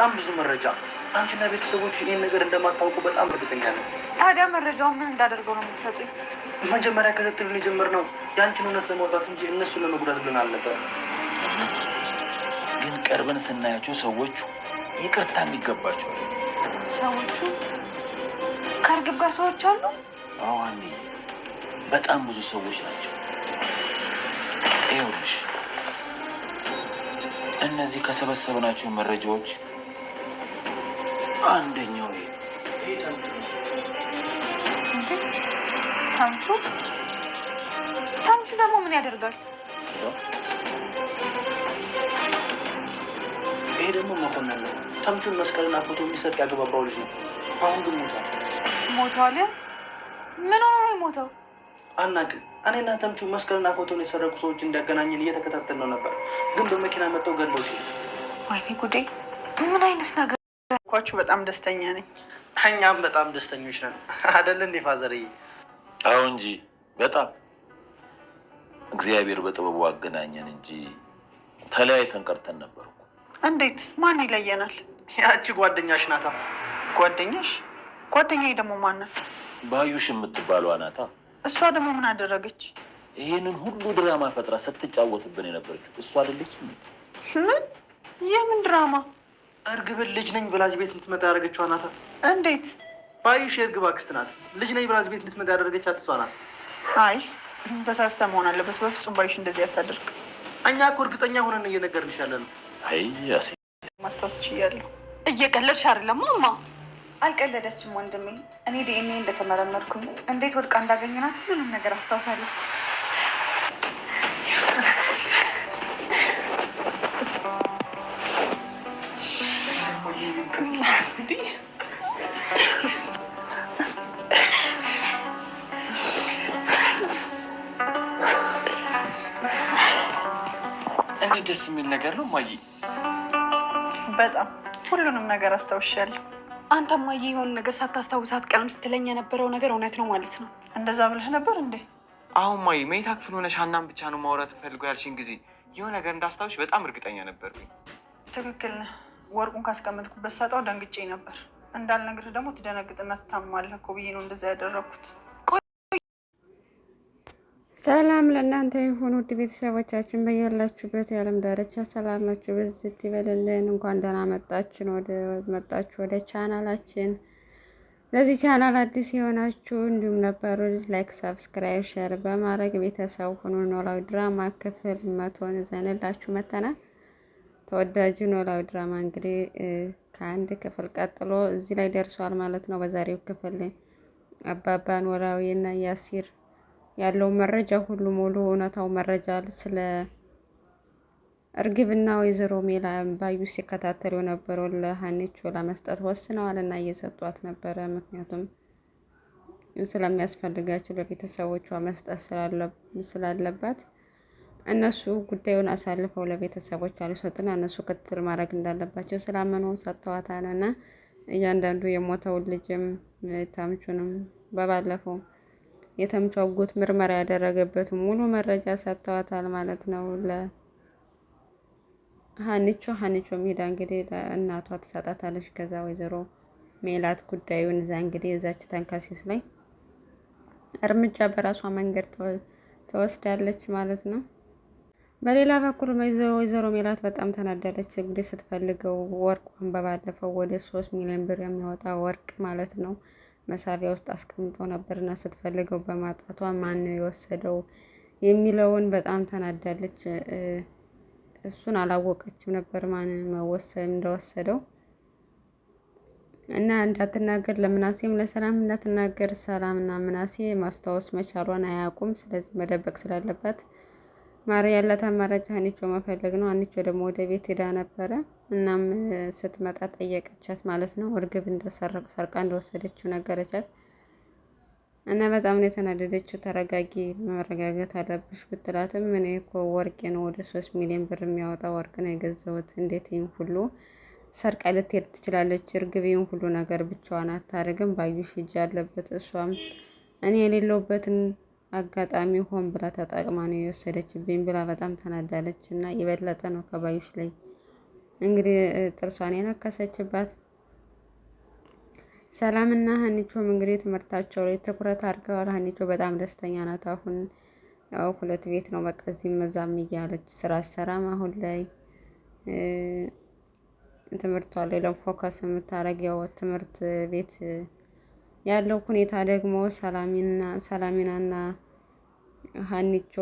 በጣም ብዙ መረጃ አንቺና ቤተሰቦች ይህን ነገር እንደማታውቁ በጣም እርግጠኛ ነው። ታዲያ መረጃውን ምን እንዳደርገው ነው የምትሰጡኝ? መጀመሪያ ክትትሉን ነው የአንቺን እውነት ለማውጣት እንጂ እነሱን ለመጉዳት ብለን አልነበር። ግን ቀርበን ስናያቸው ሰዎቹ ይቅርታ የሚገባቸው ሰዎቹ ከእርግብ ጋር ሰዎች አሉ። አዋኒ በጣም ብዙ ሰዎች ናቸው። ይኸውልሽ እነዚህ ከሰበሰብናቸው መረጃዎች አንደኛው ታምቹ ታምቹ ደግሞ ምን ያደርጋል? ይሄ ደግሞ መኮንን ነው። ታምቹን መስቀልና ፎቶ የሚሰጥ ያገባባው ልጅ ነው። አሁን ግን ሞቷል። ሞቷል? ምን ሆኖ ነው የሞተው? አናውቅም። እኔና ተምቹ መስቀልና ፎቶን የሰረቁ ሰዎች እንዲያገናኝን እየተከታተል ነው ነበር፣ ግን በመኪና መጥተው ገለውት። ወይኔ ጉዴ! ምን አይነት ነገር ኳችሁ በጣም ደስተኛ ነኝ። እኛም በጣም ደስተኞች ነን አደለ እንዴ ፋዘርዬ? አዎ እንጂ በጣም እግዚአብሔር በጥበቡ አገናኘን እንጂ ተለያይተን ቀርተን ነበር። እንዴት? ማን ይለየናል? ያቺ ጓደኛሽ ናታ። ጓደኛሽ? ጓደኛዬ ደግሞ ማን ናት? ባዩሽ የምትባለዋ ናታ። እሷ ደግሞ ምን አደረገች? ይህንን ሁሉ ድራማ ፈጥራ ስትጫወትብን የነበረችው እሷ አይደለች? ምን? ይህ ምን ድራማ እርግብን ልጅ ነኝ ብላ እዚህ ቤት እንድትመጣ ያደረገችው ናት። እንዴት ባዩሽ የእርግብ አክስት ናት። ልጅ ነኝ ብላ እዚህ ቤት እንድትመጣ ያደረገቻት እሷ ናት። አይ ተሳስተ መሆን አለበት። በፍጹም ባዩሽ እንደዚህ አታደርግ። እኛ እኮ እርግጠኛ ሆነን እየነገርንሽ ያለ ነው። አይ ማስታወስ ችያለሁ። እየቀለድሽ አይደለም አልቀለደችም ወንድሜ። እኔ ዲኤንኤ እንደተመረመርኩኝ እንዴት ወድቃ እንዳገኘናት ምንም ነገር አስታውሳለች። እንዴት ደስ የሚል ነገር ነው ማየ። በጣም ሁሉንም ነገር አስታውሻለሁ። አንተ ማየ የሆነ ነገር ሳታስታውስ አትቀርም ስትለኝ የነበረው ነገር እውነት ነው ማለት ነው። እንደዛ ብለህ ነበር እንዴ? አሁን ማየ መኝታ ክፍል ሆነሽ ሀናን ብቻ ነው ማውራት ፈልጎ ያልሽኝ ጊዜ የሆነ ነገር እንዳስታውሽ በጣም እርግጠኛ ነበር። ትክክል ነህ። ወርቁን ካስቀመጥኩበት ሳጣው ደንግጬ ነበር። እንዳልነግርህ ደግሞ ትደነግጥና ትታማለህ እኮ ብዬ ነው እንደዛ ያደረግኩት። ሰላም ለእናንተ የሆኑ ውድ ቤተሰቦቻችን በያላችሁበት የዓለም ዳርቻ ሰላማችሁ ብዝት ይበልልን። እንኳን ደህና መጣችን ወደ መጣችሁ ወደ ቻናላችን። ለዚህ ቻናል አዲስ የሆናችሁ እንዲሁም ነበሩ ላይክ፣ ሰብስክራይብ፣ ሸር በማድረግ ቤተሰብ ሁኑ። ኖላዊ ድራማ ክፍል መቶን ዘንላችሁ መተናል። ተወዳጁ ኖላዊ ድራማ እንግዲህ ከአንድ ክፍል ቀጥሎ እዚህ ላይ ደርሷል ማለት ነው። በዛሬው ክፍል አባባ ኖላዊ እና ያሲር ያለው መረጃ ሁሉ ሙሉ እውነታው መረጃ ስለ እርግብና ወይዘሮ ሜላ ባዩሽ ሲከታተሉ የነበረው ለሀኒቾ ለመስጠት ወስነዋል እና እየሰጧት ነበረ። ምክንያቱም ስለሚያስፈልጋቸው ለቤተሰቦቿ መስጠት ስላለባት እነሱ ጉዳዩን አሳልፈው ለቤተሰቦች አልሰጥና እነሱ ክትትል ማድረግ እንዳለባቸው ስላመኑ ሰጥተዋታልና እያንዳንዱ የሞተውን ልጅም ታምቹንም በባለፈው የተምቹ አጎት ምርመራ ያደረገበት ሙሉ መረጃ ሰጥተዋታል ማለት ነው። ለሀኒቾ ሀኒቾ ሄዳ እንግዲህ ለእናቷ ትሰጣታለች። ከዛ ወይዘሮ ሜላት ጉዳዩን እዛ እንግዲህ እዛች ተንከሲስ ላይ እርምጃ በራሷ መንገድ ተወስዳለች ማለት ነው። በሌላ በኩል ወይዘሮ ሜላት በጣም ተናደለች። እንግዲህ ስትፈልገው ወርቋን በባለፈው ወደ ሶስት ሚሊዮን ብር የሚወጣ ወርቅ ማለት ነው መሳቢያ ውስጥ አስቀምጦ ነበርና ስትፈልገው በማጣቷ ማን ነው የወሰደው የሚለውን በጣም ተናዳለች። እሱን አላወቀችም ነበር ማን እንደወሰደው እና እንዳትናገር ለምናሴም ለሰላም እንዳትናገር ሰላምና ምናሴ ማስታወስ መቻሏን አያውቁም። ስለዚህ መደበቅ ስላለባት ማር ያላት አማራጭ ሀኒቾ መፈለግ ነው። ሀኒቾ ደግሞ ወደ ቤት ሄዳ ነበረ። እናም ስትመጣ ጠየቀቻት ማለት ነው። እርግብ ሰርቃ እንደወሰደችው ነገረቻት እና በጣም ነው የተናደደችው። ተረጋጊ፣ መረጋጋት አለብሽ ብትላትም እኔ እኮ ወርቅ ነው ወደ ሶስት ሚሊዮን ብር የሚያወጣ ወርቅ ነው የገዛሁት። እንዴት ይህን ሁሉ ሰርቃ ልትሄድ ትችላለች? እርግብ ይህን ሁሉ ነገር ብቻዋን አታደርግም። ባዩሽ እጅ አለበት። እሷም እኔ የሌለውበትን አጋጣሚ ሆን ብላ ተጠቅማ ነው የወሰደችብኝ ብላ በጣም ተናዳለች። እና የበለጠ ነው ከባዮሽ ላይ እንግዲህ ጥርሷን የነከሰችባት። ሰላምና ሀኒቾም እንግዲህ ትምህርታቸው ላይ ትኩረት አድርገዋል። ሀኒቾ በጣም ደስተኛ ናት። አሁን ያው ሁለት ቤት ነው በቃ እዚህም እዛም እያለች ስራ ሰራም አሁን ላይ ትምህርቷ ላይ ለፎከስ የምታደርግ ያው ትምህርት ቤት ያለው ሁኔታ ደግሞ ሰላሚና ሰላሚናና ሀኒቾ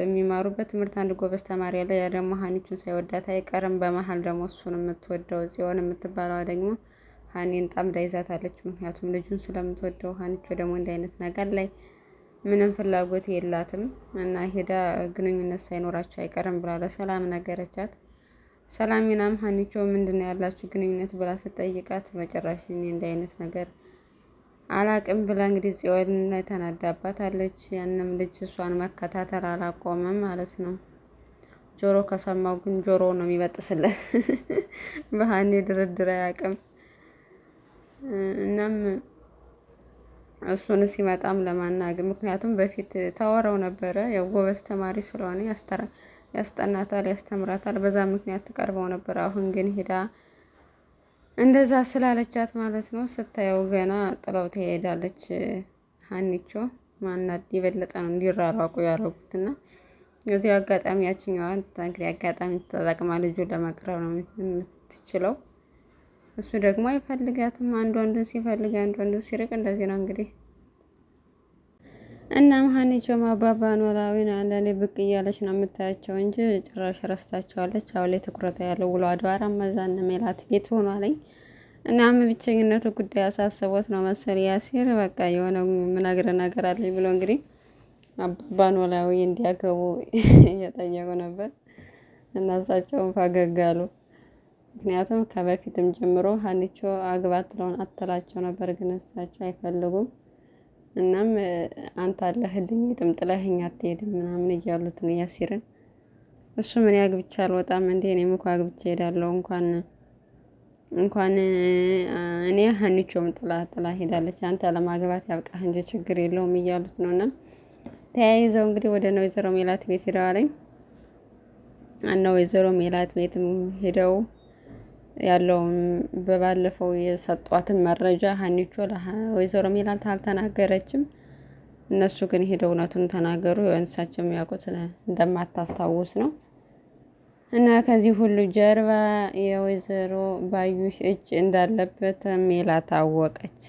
የሚማሩበት ትምህርት አንድ ጎበዝ ተማሪ ያለ ያ ደግሞ ሀኒቹን ሳይወዳት አይቀርም። በመሀል ደግሞ እሱን የምትወደው ጽዮን የምትባለዋ ደግሞ ሀኒን ጣምዳ ይዛታለች። ምክንያቱም ልጁን ስለምትወደው ሀኒቾ ደግሞ እንዲህ አይነት ነገር ላይ ምንም ፍላጎት የላትም እና ሄዳ ግንኙነት ሳይኖራቸው አይቀርም ብላ ለሰላም ነገረቻት። ሰላሚናም ሀኒቾ ምንድን ነው ያላችሁ ግንኙነት ብላ ስጠይቃት መጨራሽ እኔ እንዲህ አይነት ነገር አላቅም ብላ እንግዲህ ጽዮን ላይ ተናዳባታለች። ያንም ልጅ እሷን መከታተል አላቆመም ማለት ነው። ጆሮ ከሰማው ግን ጆሮ ነው የሚበጥስለት። በሀኔ ድርድር አያቅም። እናም እሱን ሲመጣም ለማናገር ምክንያቱም በፊት ታወራው ነበረ። ያው ጎበዝ ተማሪ ስለሆነ ያስጠናታል፣ ያስተምራታል። በዛ ምክንያት ትቀርበው ነበር። አሁን ግን ሄዳ እንደዛ ስላለቻት ማለት ነው። ስታየው ገና ጥለው ትሄዳለች። ሀኒቾ ማናት የበለጠ ነው እንዲራራቁ ያደረጉትና እዚሁ አጋጣሚ ያችኛዋ እንግዲህ አጋጣሚ ተጠቅማ ልጁን ለመቅረብ ነው የምትችለው። እሱ ደግሞ አይፈልጋትም። አንዱ አንዱን ሲፈልግ፣ አንዱ አንዱን ሲርቅ እንደዚህ ነው እንግዲህ እና መሀኒቾ ማባባ ኖላዊን አንዳንዴ ብቅ እያለች ነው የምታያቸው እንጂ ጭራሽ ረስታቸዋለች። አሁን ላይ ትኩረት ያለው ውሎ አድዋራ መዛን ሜላት ቤት ሆኗለኝ። እናም ብቸኝነቱ ጉዳይ አሳስቦት ነው መሰል ያሲር በቃ የሆነ ምናግር ነገር አለኝ ብሎ እንግዲህ አባባ ኖላዊ እንዲያገቡ እየጠየቁ ነበር እና እሳቸውም ፈገግ አሉ። ምክንያቱም ከበፊትም ጀምሮ ሀኒቾ አግባት ለውን አተላቸው ነበር፣ ግን እሳቸው አይፈልጉም። እናም አንተ አለህልኝ ጥምጥለህኝ አትሄድም ምናምን እያሉት ነው ያሲርን። እሱ ምን ያግብቻ አልወጣም እንዴ? እኔም እኮ አግብቻ ሄዳለሁ እንኳን እንኳን እኔ ሀኒቾም ጥላ ጥላ ሄዳለች። አንተ ለማግባት ያብቃህ እንጂ ችግር የለውም እያሉት ነው። እና ተያይዘው እንግዲህ ወደ ነው ወይዘሮ ሜላት ቤት ሄደዋለኝ እና ወይዘሮ ሜላት ቤትም ሄደው ያለው በባለፈው የሰጧትን መረጃ ሀኒቾ ወይዘሮ ሚላት አልተናገረችም። እነሱ ግን ሄደው እውነቱን ተናገሩ። የወንሳቸው የሚያውቁት እንደማታስታውስ ነው። እና ከዚህ ሁሉ ጀርባ የወይዘሮ ባዩሽ እጅ እንዳለበት ሜላ ታወቀች።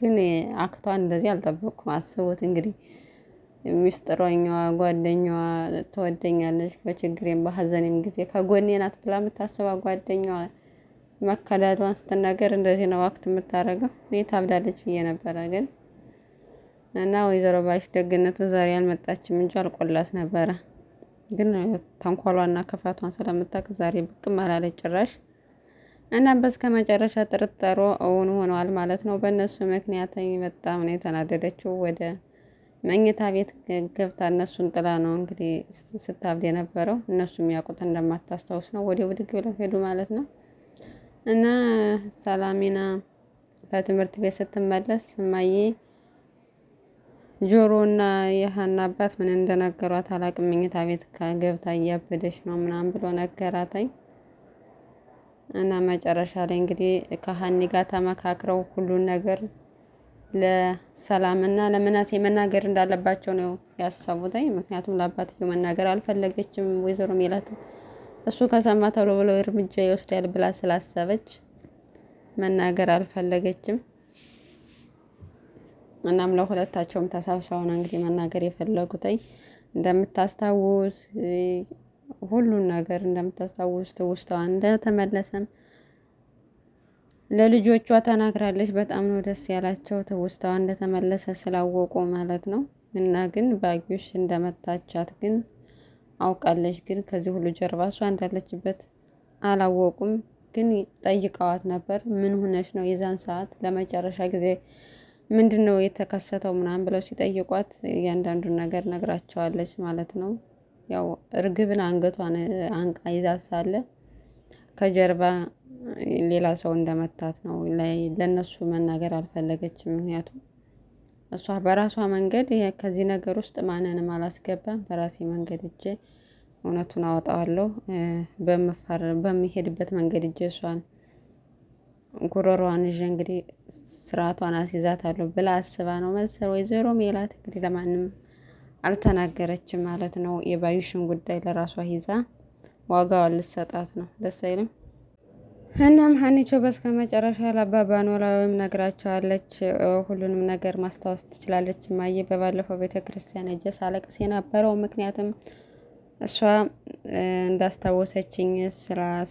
ግን አክቷን እንደዚህ አልጠበቅኩም። አስቡት እንግዲህ ሚስጥሮኛዋ ጓደኛዋ ትወደኛለች፣ በችግሬም በሀዘኔም ጊዜ ከጎኔ ናት ብላ የምታስባ ጓደኛዋ መከዳዷን ስትናገር እንደዚህ ነው አክት የምታደርገው እኔ ታብዳለች ብዬ ነበረ ግን እና ወይዘሮ ባይሽ ደግነቱ ዛሬ አልመጣችም እንጂ አልቆላት ነበረ። ግን ተንኮሏና ክፋቷን ስለምታውቅ ዛሬ ብቅም አላለች ጭራሽ። እና በስከ መጨረሻ ጥርጣሮ እውን ሆነዋል ማለት ነው። በእነሱ ምክንያት በጣም ነው የተናደደችው። ወደ መኝታ ቤት ገብታ እነሱን ጥላ ነው እንግዲህ ስታብድ የነበረው። እነሱ የሚያውቁት እንደማታስታውስ ነው። ወዲያው ብድግ ብለው ሄዱ ማለት ነው። እና ሰላሚና ከትምህርት ቤት ስትመለስ እማዬ እና የሀና አባት ምን እንደነገሯት አላቅም። መኝታ ቤት ገብታ እያበደች ነው ምናምን ብሎ ነገራታኝ። እና መጨረሻ ላይ እንግዲህ ከሀኒ ጋር ተመካክረው ሁሉን ነገር ለሰላምና ለምናሴ መናገር እንዳለባቸው ነው ያሰቡታኝ። ምክንያቱም ለአባትየው መናገር አልፈለገችም ወይዘሮ ሜላት እሱ ከሰማ ተብሎ ብሎ እርምጃ ይወስዳል ብላ ስላሰበች መናገር አልፈለገችም። እናም ለሁለታቸውም ተሰብስበው ነው እንግዲህ መናገር የፈለጉትኝ እንደምታስታውስ ሁሉን ነገር እንደምታስታውስ ትውስታዋ እንደተመለሰም ለልጆቿ ተናግራለች። በጣም ነው ደስ ያላቸው ትውስታዋ እንደተመለሰ ስላወቁ ማለት ነው። እና ግን ባዩሽ እንደመታቻት ግን አውቃለች፣ ግን ከዚህ ሁሉ ጀርባ እሷ እንዳለችበት አላወቁም። ግን ጠይቀዋት ነበር። ምን ሆነች ነው የዛን ሰዓት ለመጨረሻ ጊዜ ምንድን ነው የተከሰተው ምናምን ብለው ሲጠይቋት እያንዳንዱን ነገር ነግራቸዋለች ማለት ነው። ያው እርግብን አንገቷን አንቃ ይዛት ሳለ ከጀርባ ሌላ ሰው እንደመታት ነው። ለእነሱ መናገር አልፈለገችም ምክንያቱም እሷ በራሷ መንገድ ከዚህ ነገር ውስጥ ማንንም አላስገባም። በራሴ መንገድ እጄ እውነቱን አወጣዋለሁ። በሚሄድበት መንገድ እጄ እሷን ጉሮሯን ይዤ እንግዲህ ስርዓቷን አስይዛታለሁ ብላ አስባ ነው መሰል ወይዘሮ ሜላት እንግዲህ ለማንም አልተናገረችም ማለት ነው። የባዩሽን ጉዳይ ለራሷ ይዛ ዋጋዋን ልሰጣት ነው። ደስ አይልም። እናም ሀኒቾ በስከ መጨረሻ ለአባባ ኖላዊም ነግራቸዋለች። ሁሉንም ነገር ማስታወስ ትችላለች። ማየ በባለፈው ቤተ ክርስቲያን እጀ ሳለቅስ የነበረው ምክንያትም እሷ እንዳስታወሰችኝ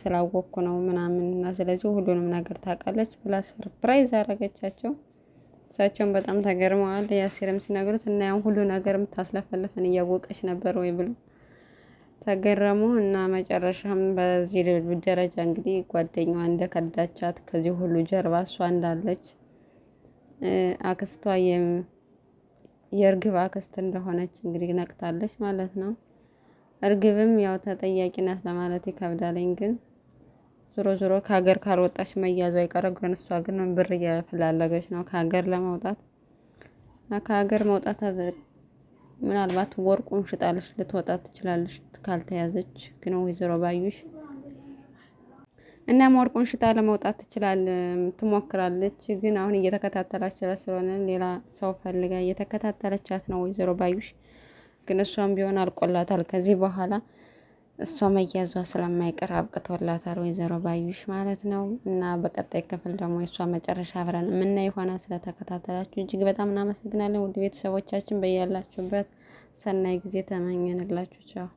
ስላወቅኩ ነው ምናምን እና ስለዚህ ሁሉንም ነገር ታውቃለች ብላ ሰርፕራይዝ አረገቻቸው። እሳቸውን በጣም ተገርመዋል። ያሲርም ሲነግሩት እና ያን ሁሉ ነገር የምታስለፈልፈን እያወቀች ነበር ወይ ብሎ ተገረሙ እና መጨረሻም በዚህ ደረጃ እንግዲህ ጓደኛዋ እንደከዳቻት ከዚህ ሁሉ ጀርባ እሷ እንዳለች አክስቷ የእርግብ አክስት እንደሆነች እንግዲህ ነቅታለች ማለት ነው። እርግብም ያው ተጠያቂ ለማለት ይከብዳለኝ፣ ግን ዞሮ ዞሮ ከሀገር ካልወጣች መያዙ አይቀርም። ግን እሷ ግን ብር እያፈላለገች ነው ከሀገር ለመውጣት ከሀገር መውጣት ምናልባት ወርቁን ሽጣለች ልትወጣ ትችላለች ካልተያዘች። ግን ወይዘሮ ባዩሽ እናም ወርቁን ሽጣ ለመውጣት ትችላል ትሞክራለች። ግን አሁን እየተከታተላች ስለሆነ ሌላ ሰው ፈልጋ እየተከታተለቻት ነው ወይዘሮ ባዩሽ። ግን እሷም ቢሆን አልቆላታል ከዚህ በኋላ እሷ መያዟ ስለማይቀር አብቅቶላታል ወይዘሮ ባዩሽ ማለት ነው። እና በቀጣይ ክፍል ደግሞ የእሷ መጨረሻ አብረን የምናይ ይሆናል። ስለተከታተላችሁ እጅግ በጣም እናመሰግናለን። ውድ ቤተሰቦቻችን በያላችሁበት ሰናይ ጊዜ ተመኘንላችሁ። ቻው